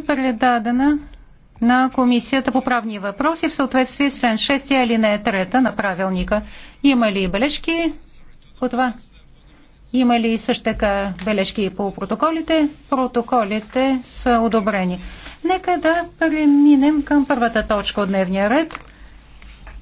предадена на Комисията по правни въпроси в съответствие с член 6 алинея 3 на правилника. Има ли бележки по това? Има ли също така бележки по протоколите? Протоколите са одобрени. Нека да преминем към първата точка от дневния ред.